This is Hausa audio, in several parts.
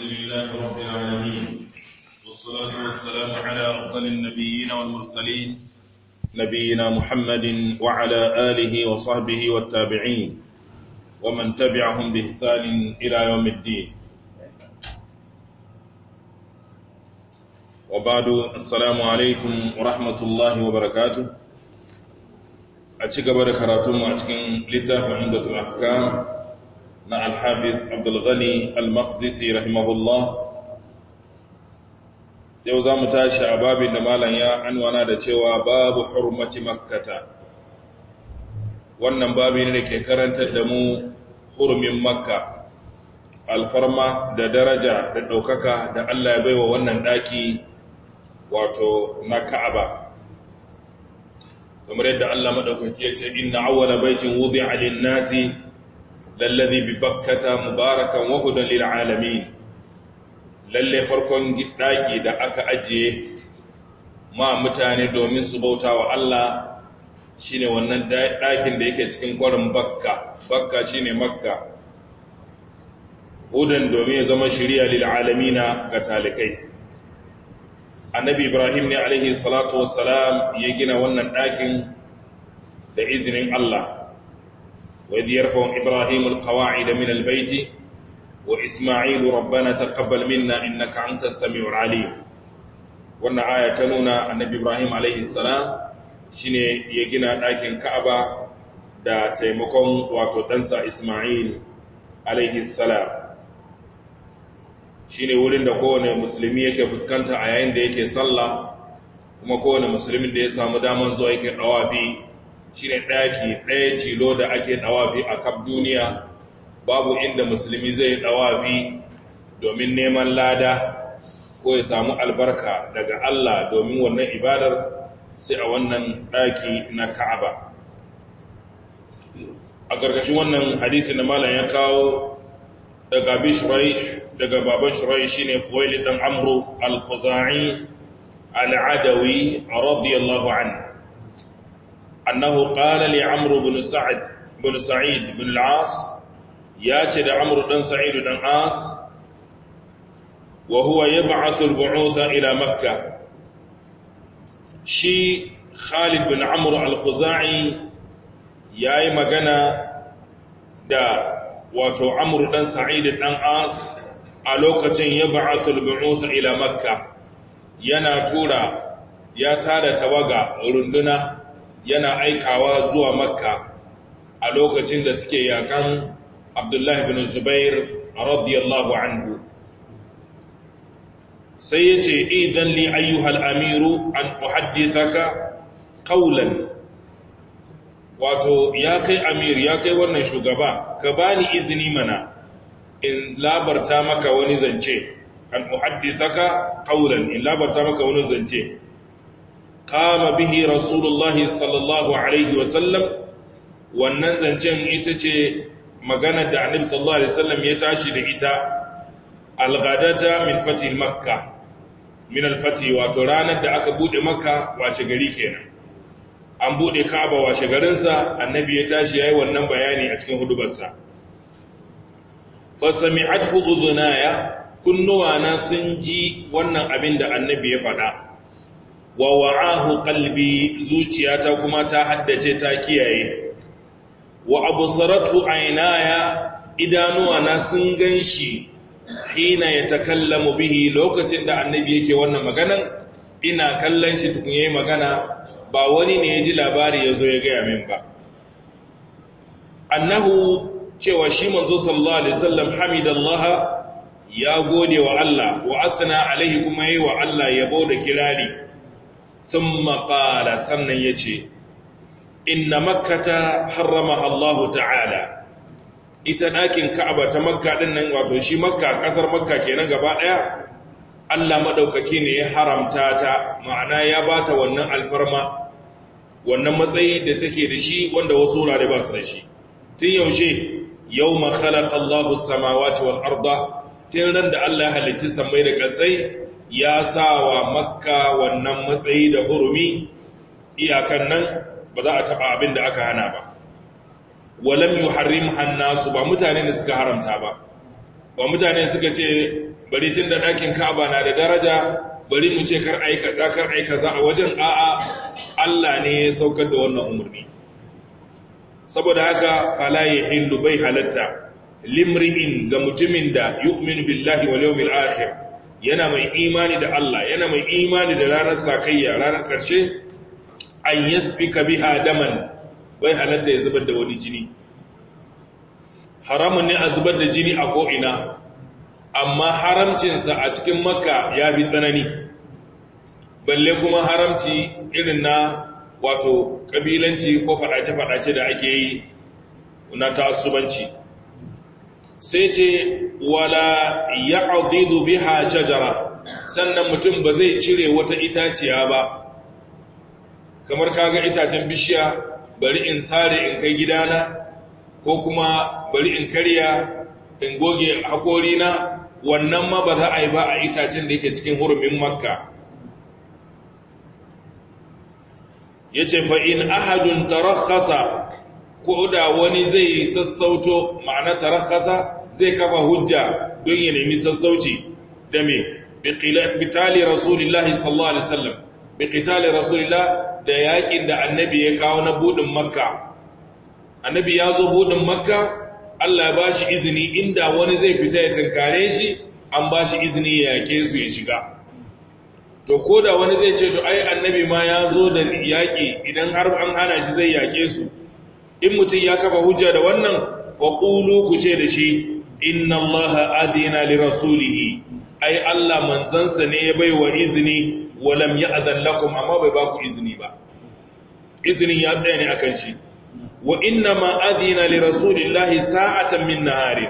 الحمد لله رب العالمين والصلاة والسلام على أفضل النبيين والمرسلين نبينا محمد وعلى آله وصحبه والتابعين ومن تبعهم بإحسان إلى يوم الدين وبعد السلام عليكم ورحمة الله وبركاته أتشكى بركاته أتشكى لتاه عندة الأحكام na alhafiz abdulghani al-maqdisi rahimahullah yau za mu tashi a babin da malam ya anwana da cewa babu hurmaci makkata wannan ne da ke karantar da mu hurmin makka alfarma da daraja da ɗaukaka da allah ya baiwa wannan ɗaki wato na ka'aba kamar yadda allah maɗaukaki ya ce inna awwala baitin wubi alin nasi lallazi bi bakkata mubarakan wa hudan lil alamin lalle farkon daki da aka ajiye ma mutane domin su bauta wa Allah shine wannan dakin da yake cikin kwarin bakka bakka shine makka hudan domin ya zama shari'a lil alamina ga talikai annabi ibrahim ne alaihi salatu wassalam ya gina wannan dakin da izinin Allah وإذ يرفع إبراهيم القواعد من البيت وإسماعيل ربنا تقبل منا إنك أنت السميع العليم wannan aya ta nuna annabi Ibrahim alaihi salam shine ya gina ɗakin Ka'aba da taimakon wato ɗansa Isma'il shine wurin da kowane musulmi yake fuskanta a yayin da yake sallah kuma kowane musulmin da ya samu daman zuwa yake ɗawafi shine ɗaki ɗaya cilo da ake ɗawafi a kaf duniya babu inda musulmi zai ɗawafi domin neman lada ko ya samu albarka daga Allah domin wannan ibadar sai a wannan ɗaki na Ka'aba a ƙarƙashin wannan hadisi na malam ya kawo daga bi shirai daga baban shirai shine Fuwaili ɗan Amru al-Khuzai al-Adawi radiyallahu anhu annahu qala li amr ibn sa'd ibn sa'id ibn al ya ce da amr dan sa'id dan as wa huwa yab'athu al-bu'utha ila makkah shi Khalid bin Amr al-Khuzai yayi magana da wato Amr dan Sa'id dan As a lokacin ya ba'athul ila Makka yana tura ya tada tawaga runduna yana aikawa zuwa makka a lokacin da suke yakan abdullahi bin zubair a radiyallahu anhu sai ya ce idan li ayyuhal amiru an uhaddithaka qawlan wato ya kai amir ya kai wannan shugaba ka bani izini mana in labarta maka wani zance an uhaddithaka qawlan in labarta maka wani zance kama bihi rasulullah sallallahu alaihi wasallam wannan zancen ita ce maganar da annabi sallallahu alaihi wasallam ya tashi da ita alghadata min fati makka min alfati wato ranar da aka bude makka washe gari kenan an bude kaaba washe garinsa annabi ya tashi yayi wannan bayani a cikin hudubarsa fasami'athu udhunaya kunnuwana sun ji wannan abin da annabi ya faɗa wa wa'ahu qalbi zuciyata kuma ta haddace ta kiyaye wa absaratu aynaya idanuwa na sun ganshi hina ya takallamu bihi lokacin da annabi yake wannan maganan ina kallon shi tukun yayi magana ba wani ne ya ji labari yazo ya gaya min ba annahu cewa shi manzo sallallahu alaihi wasallam hamidallaha ya gode wa Allah wa asna alaihi kuma yayi wa Allah yabo da kirari sun maƙala sannan ya ce inna makkata harrama allahu ta'ala ita ɗakin ka'aba ta makka ɗin nan wato shi makka ƙasar makka kenan gaba ɗaya allah maɗaukaki ne ya haramta ta ma'ana ya ba ta wannan alfarma wannan matsayi da take da shi wanda wasu wurare ba su da shi tun yaushe yau ma khalaƙa allahu samawati wal arda tun ran da allah ya halicci sammai da ƙasai ya sa wa makka wannan matsayi da hurumi iyakan nan ba za a taba abin da aka hana ba walam yi harim hannasu ba mutane da suka haramta ba ba mutane suka ce bari tun da ɗakin ka'aba na da daraja bari mu ce kar aika za kar aika za a wajen a'a Allah ne ya saukar da wannan umarni saboda haka fala ya Hindu bai halatta limri'in ga mutumin da yu'minu billahi wal yawmil akhir yana mai imani da Allah yana mai imani da ranar sakayya ranar ƙarshe an ka biha daman bai halatta ya zubar da wani jini haramun ne a zubar da jini a ko'ina amma haramcinsa a cikin makka ya fi tsanani balle kuma haramci irin na wato ƙabilanci ko faɗace-faɗace da ake yi na ta'asubanci sai ce wala ya ya'dhidu biha shajara sannan mutum ba zai cire wata itaciya ba kamar kaga itacen bishiya bari in sare in kai gidana ko kuma bari in karya in goge hakorina wannan ma ba za a yi ba a itacen da yake cikin hurumin makka ya ce fa'in ahadun tarakhasa ko da wani zai sassauto ma'ana tarakasa zai kafa hujja don ya nemi sassauci da me bitali rasulillahi sallallahu alaihi wasallam bitali rasulillah da yakin da annabi ya kawo na budin makka annabi ya zo budin makka Allah ya bashi izini inda wani zai fita ya tankare shi an bashi izini ya yake su ya shiga to ko da wani zai ce to ai annabi ma ya zo da yaƙi idan har an hana shi zai yake su in mutum ya kafa hujja da wannan faƙulu ku ce da shi inna Allah adina li rasulihi ai Allah manzansa ne ya bai wa izini walam ya adan lakum amma bai baku ku izini ba izinin ya tsaya ne akan shi wa inna ma adina li rasulillahi sa'atan min nahari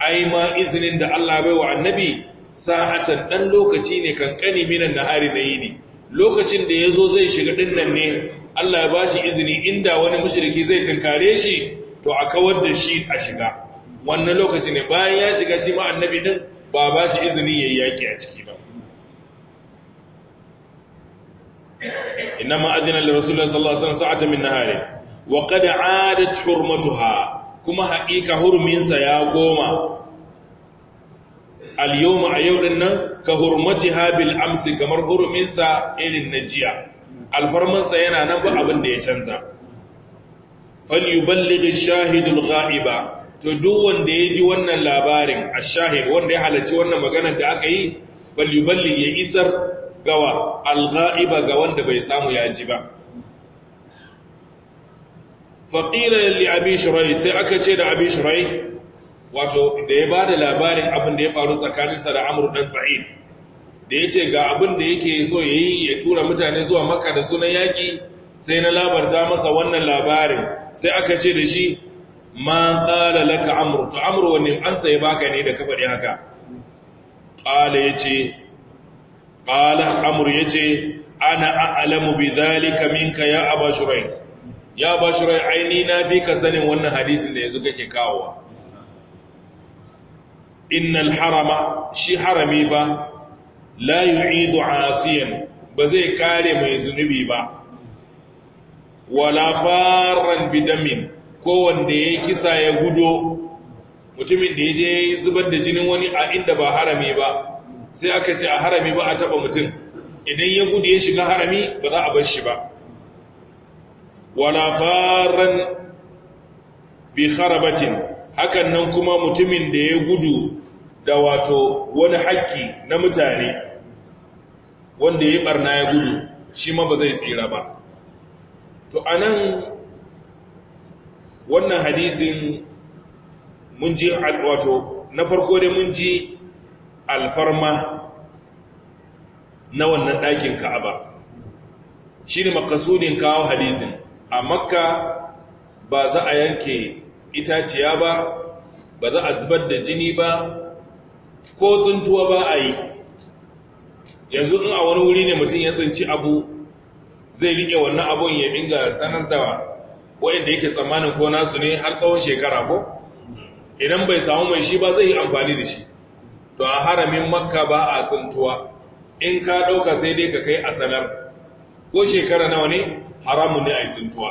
ai ma izinin da Allah bai wa annabi sa'atan dan lokaci ne kankani minan nahari na yini lokacin da yazo zai shiga dinnan ne Allah ya bashi izini inda wani mashiriki zai tunkare shi to a kawar da shi a shiga wannan lokaci ne bayan ya shiga shi ma annabi din ba ba shi izini yayi yaƙi a ciki ba Ina ma'adinan li rasulullahi sallallahu sa'ata min nahari wa kada 'adat hurmatuha kuma haƙiƙa hurminsa ya goma al ma a yau din nan ka hurmatiha bil amsi kamar hurminsa irin jiya. alfarmansa yana nan ba abin da ya canza falyuballighi shahidul ghaiba to duk wanda ya ji wannan labarin ash-shahid wanda ya halarci wannan maganar da aka yi falyuballighi ya isar gawa al-ghaiba ga wanda bai samu ya ji ba faqila li abi shuraih sai aka ce da abi shuraih wato da ya bada labarin abin da ya faru tsakaninsa da amru dan sa'id da ya ce ga abin da yake so ya yi ya tura mutane zuwa maka da sunan yaƙi sai na labarta masa wannan labarin sai aka ce da shi ma ƙala laka amur to amur wani an sai baka ne da kafaɗi haka ƙala ya ce ƙala amur ya ce ana a'alamu bi zalika minka ya aba shurai ya aba shurai aini na fi ka sanin wannan hadisin da yanzu kake kawowa innal harama shi harami ba la yu'idu asiyan ba zai kare mai zunubi ba wala farran bidamin ko wanda ya kisa ya gudo mutumin da ya zubar da jinin wani a inda ba harami ba sai aka ce a harami ba a taba mutum idan ya gudu ya shiga harami ba za a bar shi ba wala farran bi kharabatin hakan nan kuma mutumin da ya gudu da wato wani haƙƙi na mutane wanda ya yi barna ya gudu shi ma ba zai tsira ba to anan wannan hadisin mun ji wato na farko dai mun ji alfarma na wannan ɗakin ka'aba shi ne makasudin kawo hadisin a makka ba za a yanke itaciya ba ba za a zubar da jini ba ko tsuntuwa ba a yi yanzu in a wani wuri ne mutum ya tsinci abu zai rike wannan abun ya dinga sanar da wa'inda yake tsammanin ko nasu ne har tsawon shekara ko idan bai samu mai shi ba zai yi amfani da shi to a haramin makka ba a tsintuwa in ka ɗauka sai dai ka kai a sanar ko shekara nawa ne haramun ne a yi tsintuwa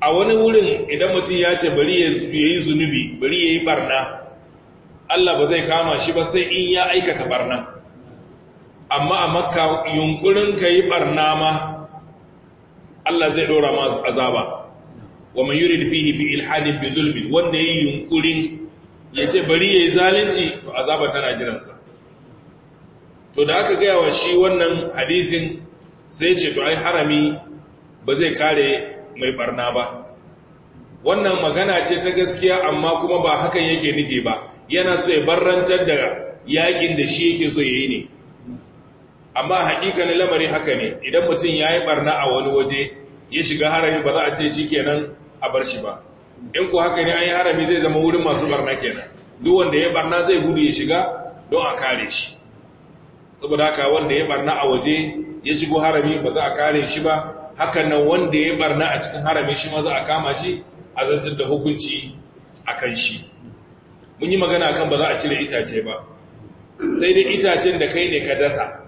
a wani wurin idan mutum ya ce bari ya yi zunubi bari ya yi barna Allah ba zai kama shi ba sai in ya aikata barna amma a makka yunkurin ka yi barna ma Allah zai dora ma azaba wa man yurid fihi bi ilhadin bi zulmi wanda yi yunkurin ya ce bari yayi zalunci to azaba tana jiransa to da aka gaya wa shi wannan hadisin sai ce to ai harami ba zai kare mai barna ba wannan magana ce ta gaskiya amma kuma ba hakan yake nufi ba yana so ya barrantar da yakin da shi yake so yayi ne amma ne lamari haka ne idan mutum ya yi barna a wani waje ya shiga harami ba za a ce shi kenan a bar shi ba in ku haka ne an yi harami zai zama wurin masu barna kenan duk wanda ya barna zai gudu ya shiga don a kare shi saboda haka wanda ya barna a waje ya shigo harami ba za a kare shi ba hakan nan wanda ya barna a cikin harami shi ma za a kama shi a zantar da hukunci a kan shi mun yi magana kan ba za a cire itace ba sai dai itacen da kai ne ka dasa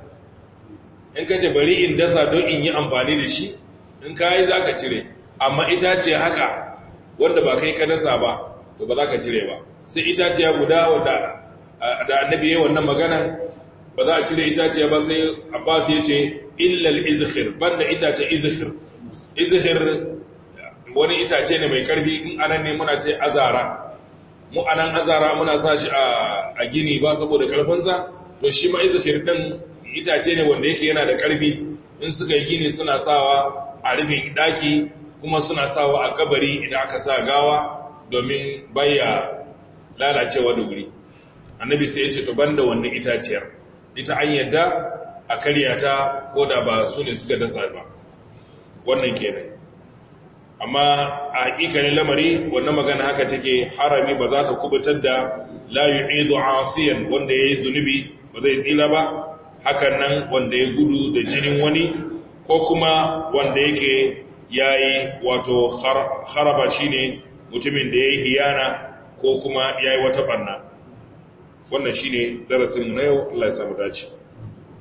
in ka ce bari in dasa don in yi amfani da shi in ka yi za ka cire amma ce haka wanda ba kai ka dasa ba to ba za ka cire ba sai ce ya guda da annabi ya wannan magana ba za a cire ce ba sai abbas ya ce illal izhir banda itace izhir izhir wani itace ne mai karfi in anan ne muna ce azara mu anan azara muna sa shi a gini ba saboda karfinsa to shi ma izhir din itace ne wanda yake yana da ƙarfi in suka yi gini suna sawa a rufin ɗaki kuma suna sawa a kabari idan aka sa gawa domin baya lalacewa da wuri annabi sai ya ce to banda wannan itaciyar ita an yadda a karya ta ko da ba su ne suka dasa ba wannan kenan amma a ne lamari wannan magana haka take harami ba za ta kubutar da la yu'idu asiyan wanda yayi zunubi ba zai tsila ba hakan nan wanda ya gudu da jinin wani ko kuma wanda yake yayi wato haraba shine mutumin da ya yi hiyana ko kuma yayi wata banna wannan shine darasin mu na yau Allah ya samu dace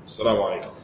assalamu alaikum